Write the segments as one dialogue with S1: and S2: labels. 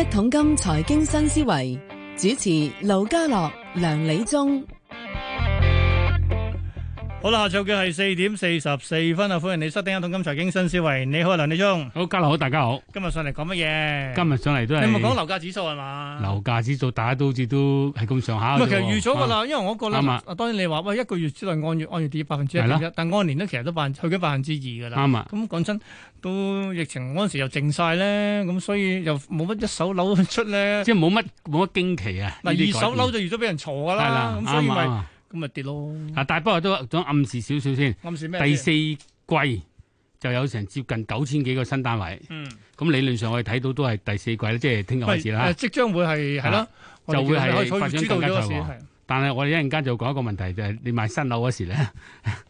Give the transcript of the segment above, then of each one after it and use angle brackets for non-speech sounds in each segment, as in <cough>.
S1: 一桶金財經新思維，主持盧家樂、梁理中。好啦，下晝嘅係四點四十四分啊，歡迎你收聽《一桶金財經新思維》。你好，梁理中。好，家樂好，大家好。今日上嚟講乜嘢？今日
S2: 上嚟都係你唔係講樓
S1: 價指數係嘛？
S2: 樓價指數大家都好似都係咁上下。其實預咗噶啦，因為我覺得，
S1: 當然你話喂，一個月之內按月按月跌百分之一，但按年咧，其實都百去緊百分之二噶啦。啱，咁講真，都疫情嗰陣時又淨晒咧，咁所以又冇乜一手樓出咧，即係冇乜冇乜驚奇啊。二手樓就預咗俾人炒噶啦，咁所以咪。咁咪跌
S2: 咯，啊、但係不過都想暗示少少先，暗示咩？第四季就有成接近九千幾個新單位，嗯，咁理論上我哋睇到都係第四季啦，即係聽日開始啦，即
S1: 將會係，就會係發展更加嘅
S2: 但係我哋一陣間就講一個問題，就係、是、你買新樓嗰時 <laughs>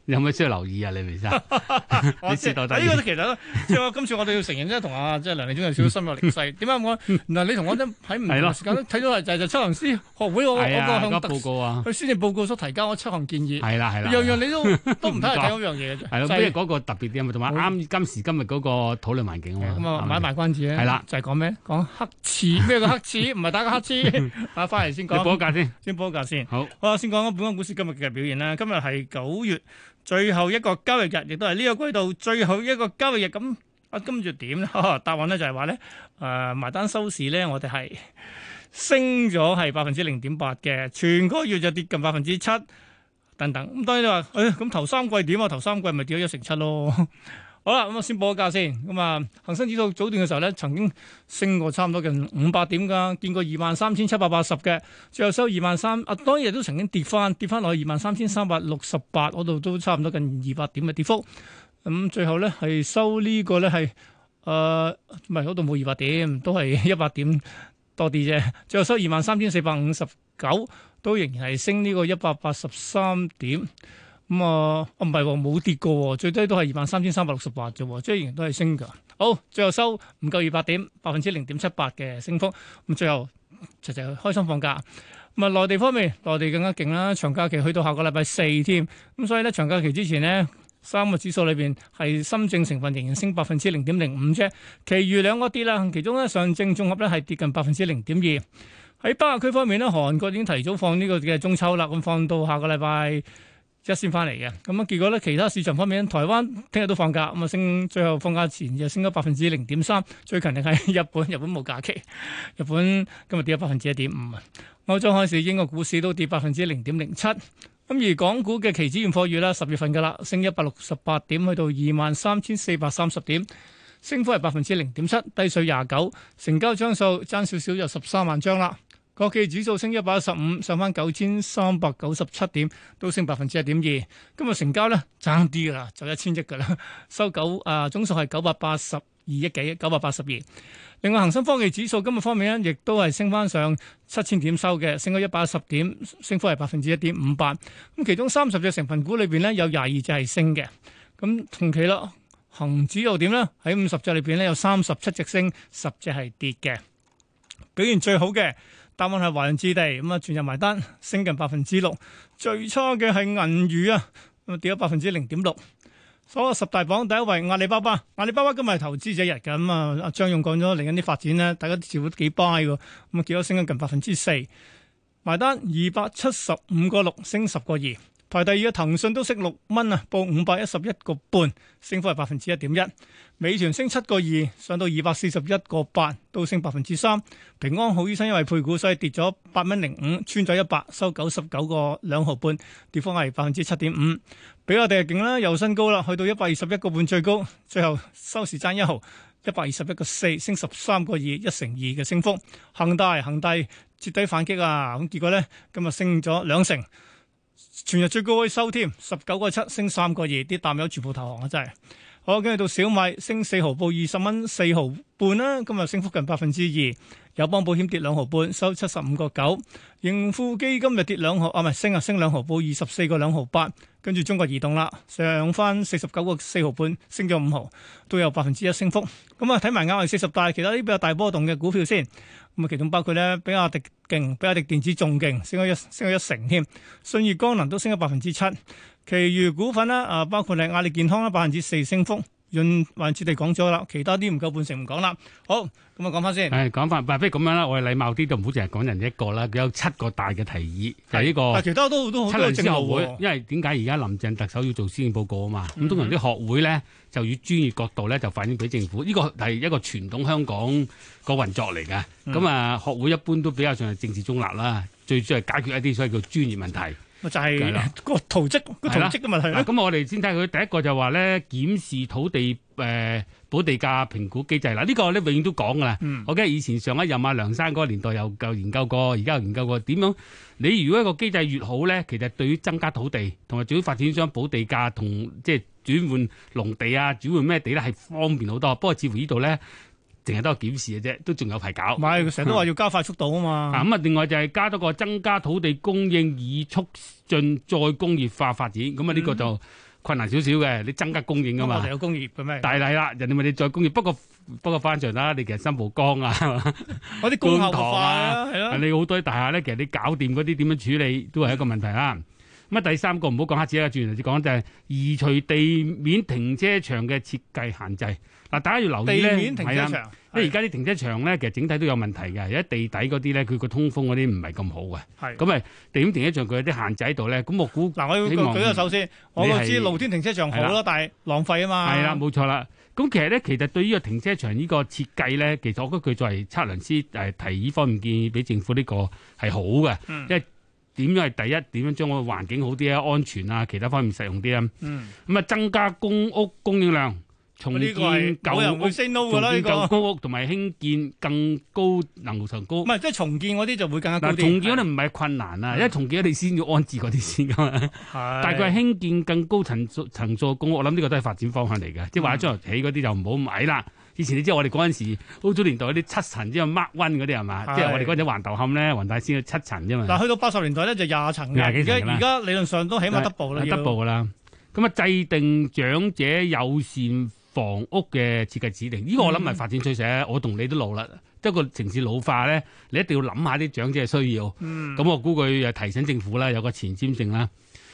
S2: 你有冇需要留意啊？李先
S1: 生，呢 <laughs> 個知道 <laughs> 其實即係我今次我哋要承認係同阿即係梁理中有少少心有靈犀。點解我嗱你我同我真睇唔同時間睇到係就就七行師學會嗰個報告啊？佢先至報告所提交我七項建議，係啦係啦，樣樣你都都唔睇係睇嗰樣嘢啫。係 <laughs> 嗰
S2: 個特別啲同埋啱今時今日嗰個討論環境咁啊，嗯嗯、買賣關子係啦，就係、是、
S1: 講咩？講黑廁，咩叫黑廁？唔係打個黑字啊！翻嚟先講，報一價先，先報價先。好，我先講翻本港股市今日嘅表現啦。今日係九月最後一個交易日，亦都係呢個季度最後一個交易日。咁啊，今朝點？哦、答案咧，就係話咧，誒、呃，埋單收市咧，我哋係升咗係百分之零點八嘅，全個月就跌近百分之七等等。咁當然你話，誒、哎，咁頭三季點啊？頭三季咪跌咗一成七咯。好啦，咁我先報個價先。咁啊，恒生指數早段嘅時候咧，曾經升過差唔多近五百點噶，見過二萬三千七百八十嘅，最後收二萬三。啊，當然都曾經跌翻，跌翻落去二萬三千三百六十八嗰度，都差唔多近二百點嘅跌幅。咁、嗯、最後咧係收呢個咧係，誒、呃，唔係嗰度冇二百點，都係一百點多啲啫。最後收二萬三千四百五十九，都仍然係升呢個一百八十三點。咁、嗯、啊，我唔係喎，冇跌過喎，最低都係二萬三千三百六十八啫，即係仍然都係升㗎。好，最後收唔夠二百點，百分之零點七八嘅升幅。咁最後就就開心放假。咁啊，內地方面，內地更加勁啦，長假期去到下個禮拜四添。咁所以咧，長假期之前咧，三個指數裏邊係深證成分仍然升百分之零點零五啫，其餘兩個跌啦。其中咧上證綜合咧係跌近百分之零點二。喺北亞區方面咧，韓國已經提早放呢個嘅中秋啦，咁放到下個禮拜。一先翻嚟嘅，咁啊，結果咧，其他市場方面，台灣聽日都放假，咁啊升，最後放假前又升咗百分之零點三。最近定係日本，日本冇假期，日本今日跌咗百分之一點五。歐洲開始，英國股市都跌百分之零點零七。咁而港股嘅期指現貨月啦，十月份㗎啦，升一百六十八點，去到二萬三千四百三十點，升幅係百分之零點七，低水廿九，成交張數爭少少就十三萬張啦。國企指數升一百一十五，上翻九千三百九十七點，都升百分之一點二。今日成交咧，爭啲噶啦，就一千億噶啦，收九啊、呃，總數係九百八十二億幾，九百八十二。另外，恒生科技指數今日方面咧，亦都係升翻上七千點收嘅，升咗一百一十點，升幅係百分之一點五八。咁其中三十隻成分股裏邊咧，有廿二隻係升嘅。咁同期咯，恒指又點咧？喺五十隻裏邊咧，有三十七隻升，十隻係跌嘅。表現最好嘅。答案係華潤置地，咁啊全日埋單，升近百分之六。最初嘅係銀魚啊，咁啊跌咗百分之零點六。所有十大榜第一位阿里巴巴，阿里巴巴今日係投資者日嘅，咁啊張勇講咗嚟緊啲發展咧，大家似乎都幾 buy 嘅，咁啊幾多升近百分之四，埋單二百七十五個六，升十個二。排第二嘅騰訊都升六蚊啊，報五百一十一個半，升幅係百分之一點一。美團升七個二，上到二百四十一個八，都升百分之三。平安好醫生因為配股，所以跌咗八蚊零五，穿咗一百，收九十九個兩毫半，跌幅係百分之七點五。比亞迪勁啦，又新高啦，去到一百二十一個半最高，最後收市爭一毫，一百二十一個四，升十三個二，一成二嘅升幅。恒大恒大徹底反擊啊，咁結果咧，今日升咗兩成。全日最高可以收添，十九個七升三個二，啲淡友全部投降啊！真係，好跟住到小米升四毫報20元，報二十蚊四毫半啦。今日升幅近百分之二，友邦保險跌兩毫半，收七十五個九。盈富基金就跌兩毫，啊唔係升啊升兩毫，報24毫，報二十四個兩毫八。跟住中國移動啦，上翻四十九個四毫半，升咗五毫，都有百分之一升幅。咁啊，睇埋亞運四十大，其他啲比較大波動嘅股票先。咁其中包括咧，比亞迪勁，比亞迪電子仲勁，升咗一升咗一成添。信義光能都升咗百分之七，其餘股份咧啊，包括咧，阿里健康啦，百分之四升幅。用環節地講咗啦，其他啲唔夠半成唔講啦。好，咁啊講翻先。誒，
S2: 講翻，唔係，不如咁樣啦，我哋禮貌啲就唔好淨係講人一個啦。佢有七個大嘅提議，就係呢個。但其他都好多都係正學會。因為點解而家林鄭特首要做施政報告啊嘛？咁、嗯、通常啲學會咧，就以專業角度咧，就反映俾政府。呢個係一個傳統香港個運作嚟嘅。咁、嗯、啊，學會一般都比較上係政治中立啦，最主要係解決一啲所謂叫專業問題。
S1: 就係個逃積，個逃積嘅
S2: 問題。咁我哋先睇佢第一個就話咧，檢視土地誒補、呃、地價評估機制啦。呢、呢個咧永遠都講噶啦。我記得以前上一任啊梁生嗰個年代又研究過，而家又研究過點樣。你如果一個機制越好咧，其實對於增加土地同埋主要發展商補地價同即係轉換農地啊，轉換咩地咧係方便好多。不過似乎呢度咧。成日都係檢視嘅啫，都仲有排搞。唔係佢成日都話要
S1: 加快速度啊嘛。咁、嗯、
S2: 啊，另外就係加多個增加土地供應以，以促進再工業化發展。咁、嗯、啊，呢個就困難少少嘅。你增加供應啊嘛，我哋有工業嘅咩？大禮啦，人哋問你再工業，不過不過翻場啦。你其實新蒲崗啊，嗰啲觀塘啊，係咯、啊 <laughs> 啊啊啊。你好多啲大廈咧，其實你搞掂嗰啲點樣處理都係一個問題啦。 <laughs> 乜第三個唔好講黑廁啦，轉頭就講就係移除地面停車場嘅設計限制。嗱，大家要留意咧，係啊，因為而家啲停車場咧，其實整體都有問題嘅。而家地底嗰啲咧，佢個通風嗰啲唔係咁好嘅。係咁咪地面停車場佢有啲限制喺度咧。咁我估嗱，我要舉舉個手先。我知露天停車場好咯，但
S1: 係浪費啊
S2: 嘛。係啦，冇錯啦。咁其實咧，其實對呢個停車場呢個設計咧，其實我覺得佢作為測量師誒提議方面建議俾政府呢個係好嘅，因、嗯、為。點樣係第一？點樣將個環境好啲啊？安全啊？其他方面實用啲啊？咁、嗯、啊增加公屋供應量，重建舊屋人會，重建舊公屋，屋，同、這、埋、個、興建更高能層高。唔係即係重建嗰啲就會更加。嗱，重建可能唔係困難啊，因為重建我哋先要安置嗰啲先噶嘛。係，
S1: 但係佢係
S2: 興建更高層數層數公屋，我諗呢個都係發展方向嚟嘅、嗯，即係話將來起嗰啲就唔好買啦。以前你知道我哋嗰陣時，好早年代嗰啲七層之後 mark one 嗰啲係嘛？即係、就是、我哋嗰陣橫頭磡咧，黃大仙有七層啫嘛。嗱，去到八十年代咧就廿
S1: 層嘅，而家理論上都起碼 double 啦。double 啦，
S2: 咁啊制定長者友善房屋嘅設計指引，呢、嗯這個我諗係發展趨勢。我同你都老啦，即係個城市老化咧，你一定要諗下啲長者嘅需要。咁、嗯、我估佢又提醒政府啦，有個前瞻性啦，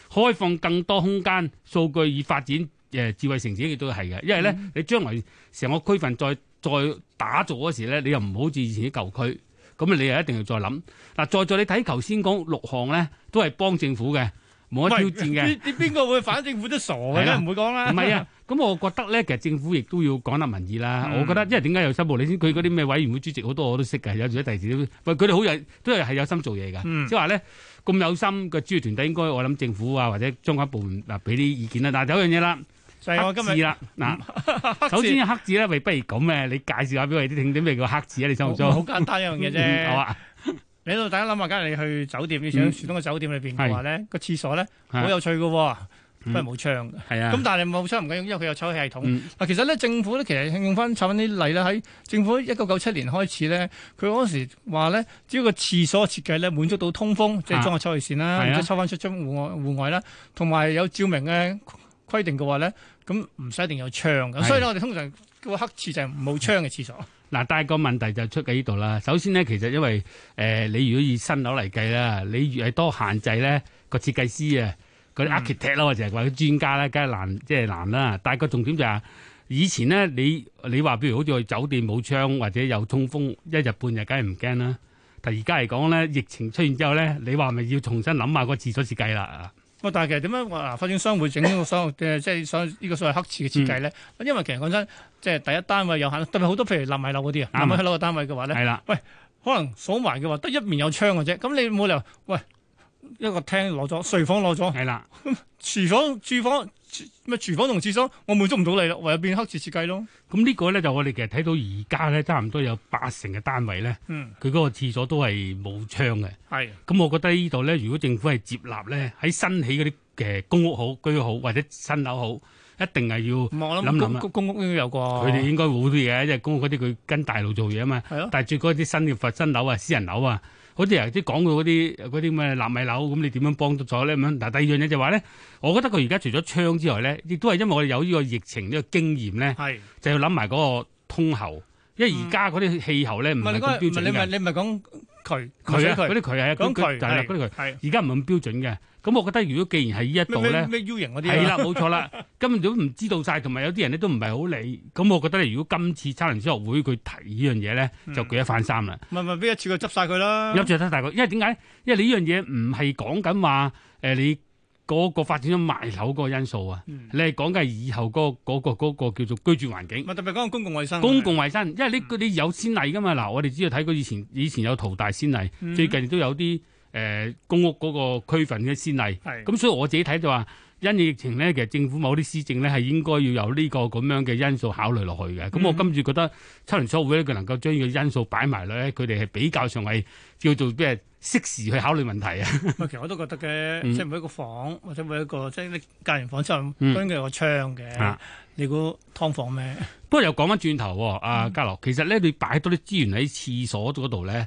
S2: 開放更多空間數據以發展。誒智慧城市亦都係嘅，因為咧你將來成個區份再再打造嗰時咧，你又唔好似以前啲舊區，咁你又一定要再諗。嗱再再你睇頭先講六項咧，都係幫政府嘅，冇得挑戰嘅。
S1: 邊邊個會反政府都傻嘅咧？唔 <laughs> 會講啦。唔係啊，
S2: 咁我覺得咧，其實政府亦都要講下民意啦、嗯。我覺得因為點解有三部你先，佢嗰啲咩委員會主席好多我都識嘅，有時啲提詞，喂佢哋好有都係係有心做嘢㗎。即係話咧，咁有心嘅專業團隊，應該我諗政府啊或者相關部門嗱俾啲意見啦、啊。但係有樣嘢啦。就係啦，
S1: 嗱，首先
S2: 黑廁咧，不如咁嘅，你介紹一下俾我哋啲聽聽咩叫黑廁啊？
S1: 你生活中好簡單一樣嘢啫，好啊，你到大家諗下，梗係你去酒店，嗯、你想住喺傳統嘅酒店裏邊嘅話咧，個廁所咧好、啊、有趣嘅、哦，不過冇窗。係、嗯、啊。咁但係冇窗唔緊要，因為佢有抽氣系統。嗱、嗯，其實咧政府咧其實用翻插翻啲例啦，喺政府一九九七年開始咧，佢嗰時話咧，只要個廁所設計咧滿足到通風，即、啊、係、就是、裝個抽氣扇啦，然、啊、抽翻出出戶外戶外啦，同埋有,有照明嘅規定嘅話咧。咁唔使一定有窗，咁所以咧，我哋通常叫黑廁就係冇窗嘅廁所。嗱，但係個問題
S2: 就出喺呢度啦。首先咧，其實因為誒、呃，你如果以新樓嚟計啦，你越係多限制咧，個設計師啊，嗰啲 architect 啦、嗯，或者話啲專家咧，梗係難，即係難啦。但係個重點就係，以前咧，你你話譬如好似去酒店冇窗或者有通風，一日半日梗係唔驚啦。但而家嚟講咧，疫情出現之後咧，你話咪要重新諗下個廁所設計啦？
S1: 喂，但係其實點樣話？發展商會整呢個商嘅，即係上呢個所謂黑廁嘅設計咧。嗯、因為其實講真，即係第一單位有限，特別好多譬如立米樓嗰啲啊，臨、嗯、埋樓嘅單位嘅話咧，喂，可能鎖埋嘅話，得一面有窗嘅啫。咁你冇理由，喂。一個廳攞咗，睡房攞咗，係啦，廚 <laughs> 房，住房、廚房同廁所，我滿足唔到你咯，唯有變黑廁設計咯。咁呢個咧就我哋其實睇到而家咧，差唔多有八
S2: 成嘅單位咧，佢、嗯、嗰個廁所都係冇窗嘅。係，咁我覺得呢度咧，如果政府係接納咧，喺新起嗰啲嘅公屋好、居好或者新樓好。一定係要諗諗
S1: 公公屋應該有啩，佢哋應
S2: 該好啲嘅，因為公屋嗰啲佢跟大陸做嘢啊嘛。係咯。但係最嗰啲新嘅佛新樓啊、私人樓啊，好似有啲講到嗰啲嗰啲咩納米樓，咁你點樣幫得咗咧？咁嗱，第二樣嘢就話咧，我覺得佢而家除咗窗之外咧，亦都係因為我哋有呢個疫情呢、呢個經驗咧，係就要諗埋嗰個通喉，因為而家嗰啲氣候咧唔係咁標準嘅。嗯嗯佢，佢，啊，佢，啲佢係，就係嗰啲渠。而家唔係咁標準嘅，咁我覺得如果既然係依一度咧，U 型啲，係啦，冇錯啦，根 <laughs> 本都唔知道曬，同埋有啲人咧都唔係好理。咁我覺得如果今次差人學會佢提依樣嘢咧，就舉一反三啦。
S1: 唔係唔係一次佢執曬佢啦？因為點
S2: 解？因為你依樣嘢唔係講緊話、呃、你。嗰、那個發展咗賣樓嗰個因素啊、嗯，你係講嘅係以後嗰嗰個嗰個叫做居住環境，
S1: 特別講公共衞生。公共衞
S2: 生，因為你佢有先例㗎嘛，嗱、嗯、我哋只要睇佢以前以前有淘大先例，嗯、最近都有啲誒、呃、公屋嗰個區份嘅先例，咁、嗯、所以我自己睇就話，因疫情咧，其實政府某啲施政咧係應該要有呢個咁樣嘅因素考慮落去嘅。咁、嗯、我今次覺得七連鎖會咧，佢能夠將呢個因素擺埋落去，佢哋係比較上係叫做咩？適時去考慮問題啊！
S1: <laughs> 其實我都覺得嘅，嗯、即係每一個房或者每一個即係你隔完房之後，當然都有個窗嘅、啊啊啊。你估湯房咩？
S2: 不過又講翻轉頭，阿嘉樂其實咧，你擺多啲資源喺廁所嗰度咧。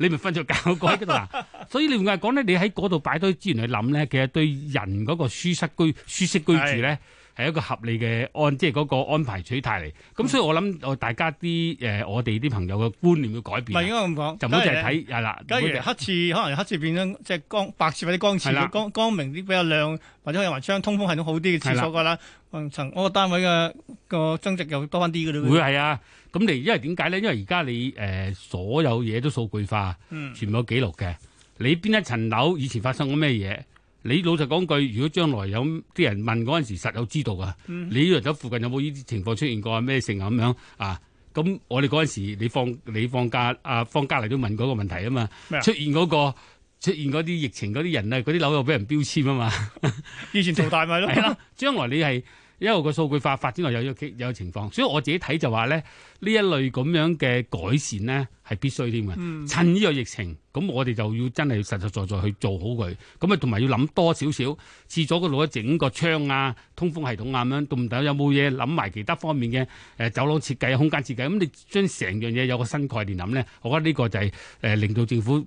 S2: 你咪瞓咗覺改嗰度啊， <laughs> 所以你唔係講咧，你喺嗰度擺多啲資源去諗咧，其實對人嗰個舒適居、 <laughs> 舒適居住咧。係一個合理嘅安，即係嗰個安排取態嚟。咁所以我諗，大家啲誒、呃，我哋啲朋友嘅觀念要改變。
S1: 唔係應該咁講，就唔好淨係睇係啦。假如黑廁可能黑廁變咗即係光白廁或者光廁，光光明啲比較亮，或者有埋窗、通風系統好啲嘅廁所㗎啦、呃。層我個單位嘅個增值又多翻啲㗎啦。會係啊？咁你因為點解咧？因為而家你誒、呃、
S2: 所有嘢都數據化，嗯、全部有記錄嘅。你邊一層樓以前發生咗咩嘢？你老實講句，如果將來有啲人問嗰陣時，實有知道噶、嗯。你呢度附近有冇呢啲情況出現過什麼啊？咩性啊咁樣啊？咁我哋嗰陣時，你放你放假，阿、啊、放假嚟都問嗰個問題啊嘛。出現嗰、那個出現嗰啲疫情嗰啲人啊，嗰啲樓又俾人標籤啊嘛。以前淘大咪、就、咯、是。係 <laughs> 啦，將來你係。因為個數據化發展落有呢，有個情況，所以我自己睇就話咧，呢一類咁樣嘅改善咧係必須添嘅。趁呢個疫情，咁我哋就真的要真係實實在在去做好佢咁啊，同埋要諗多少少廁所個攞整個窗啊、通風系統啊咁樣，到底有冇嘢諗埋其他方面嘅誒走廊設計、空間設計咁，你將成樣嘢有個新概念諗咧，我覺得呢個就係、是、誒、呃、令到政府。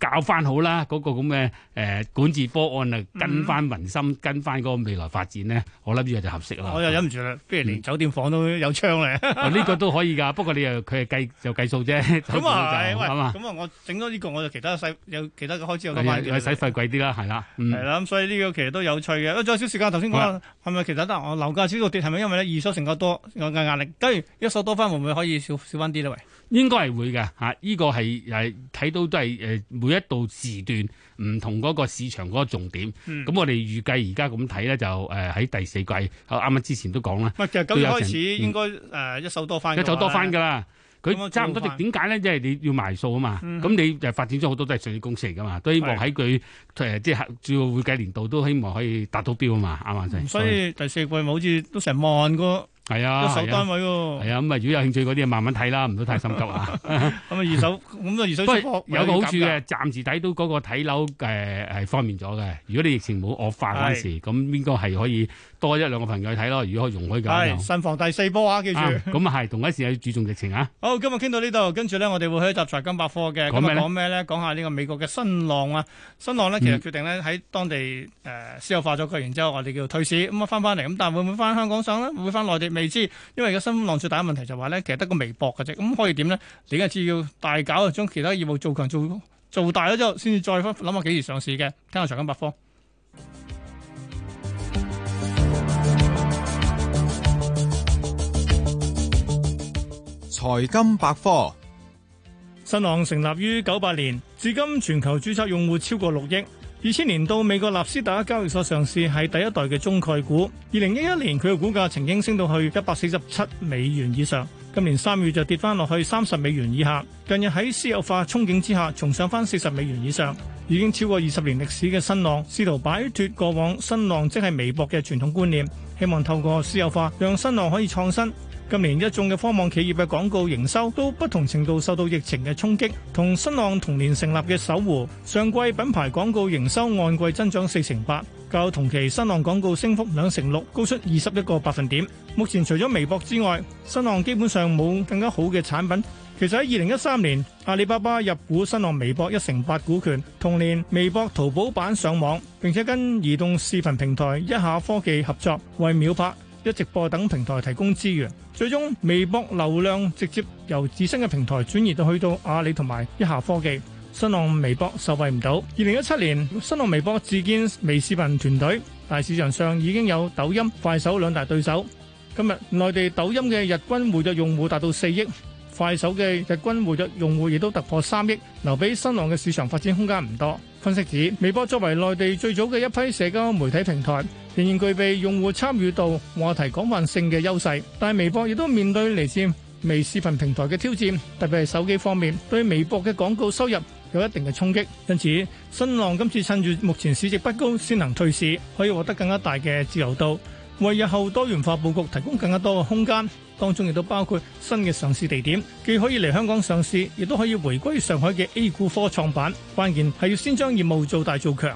S2: 搞翻好啦，嗰、那個咁嘅誒管治方案啊，跟翻民心，嗯、跟翻嗰個未來發展咧，我諗呢嘢就合適啦。我又忍唔住啦，不、嗯、如連酒店房都有窗咧。呢、哦這個都可以㗎， <laughs> 不過你又佢又計又計數啫。咁、嗯、啊，咁啊，哎嗯、這我
S1: 整多呢、這個，我就其他細有其他嘅開支。咁使費貴啲啦，係啦。係啦，咁所以呢個其實都有趣嘅。再仲有少時間，頭先講係咪其他？得？我樓價少到跌，係咪因為咧二手成交多，我嘅壓力？跟住，一手多翻，會唔會可以少少翻啲咧？喂？應該係會嘅嚇，依、
S2: 這個係係睇到都係誒每一度時段唔同嗰個市場嗰個重點。咁、嗯、我哋預計而家咁睇咧，就誒喺第四季，啱啱之前都講啦。唔係，其實九月開始應該
S1: 誒一手多翻的。一手多翻㗎啦，
S2: 佢、嗯、差唔多點解咧？即、嗯、係你要賣數啊嘛。咁、嗯、你誒發展咗好多都係上市公司嚟㗎嘛，都希望喺佢即係主要會計年度都希望可以達到標啊嘛，啱唔啱先？所以第四季咪好似都成萬個。係啊，一手單位喎。係啊，咁啊，啊，如果有興趣嗰啲慢慢睇啦，唔好太心急啊。咁啊，二手，
S1: 咁啊，二手出貨，有個好處嘅、嗯，
S2: 暫時睇到嗰個睇樓誒誒、呃、方便咗嘅。如果你疫情冇惡化嗰陣時，咁應該係可以多一兩個朋友去睇咯。如果可以容許咁樣。係，
S1: 慎防第四波啊，記住。咁啊
S2: 係，同一陣時要注重疫情啊。 <laughs> 好，
S1: 今日傾到這裡接呢度，跟住咧，我哋會去集財金百貨》嘅。咁講咩咧？講下呢個美國嘅新浪啊，新浪咧其實決定咧喺當地誒、呃、私有化咗佢，然之後我哋叫退市，咁啊翻翻嚟，咁但係會唔會翻香港上咧？會翻內地未知，因為而家新浪最大嘅問題就話咧，其實得個微博嘅啫，咁可以點咧？點解要大搞？將其他業務做強、做做大咗之後，先至再諗下幾時上市嘅？聽下財金百科。財金百科，新浪成立於九八年，至今全球註冊用戶超過六億。二千年到美國納斯達克交易所上市，係第一代嘅中概股。二零一一年佢嘅股價曾經升到去一百四十七美元以上，今年三月就跌翻落去三十美元以下。近日喺私有化憧憬之下，重上翻四十美元以上，已經超過二十年歷史嘅新浪，試圖擺脱過往新浪即係微博嘅傳統觀念，希望透過私有化讓新浪可以創新。近年一眾嘅科網企業嘅廣告營收都不同程度受到疫情嘅衝擊，同新浪同年成立嘅搜狐上季品牌廣告營收按季增長四成八，較同期新浪廣告升幅兩成六，高出二十一個百分點。目前除咗微博之外，新浪基本上冇更加好嘅產品。其實喺二零一三年，阿里巴巴入股新浪微博一成八股權，同年微博淘寶版上網，並且跟移動視頻平台一下科技合作為秒拍、一直播等平台提供資源，最終微博流量直接由自身嘅平台轉移到去到阿里同埋一下科技，新浪微博受惠唔到。二零一七年新浪微博自建微視頻團隊，但係市場上已經有抖音、快手兩大對手。今日內地抖音嘅日均活躍用戶達到四億，快手嘅日均活躍用戶亦都突破三億，留俾新浪嘅市場發展空間唔多。分析指微博作為內地最早嘅一批社交媒體平台，仍然具備用戶參與度、話題廣泛性嘅優勢，但係微博亦都面對嚟自微視頻平台嘅挑戰，特別係手機方面對微博嘅廣告收入有一定嘅衝擊。因此，新浪今次趁住目前市值不高，先能退市，可以獲得更加大嘅自由度，為日後多元化佈局提供更加多嘅空間。當中亦都包括新嘅上市地點，既可以嚟香港上市，亦都可以回歸上海嘅 A 股科創板。關鍵係要先將業務做大做強。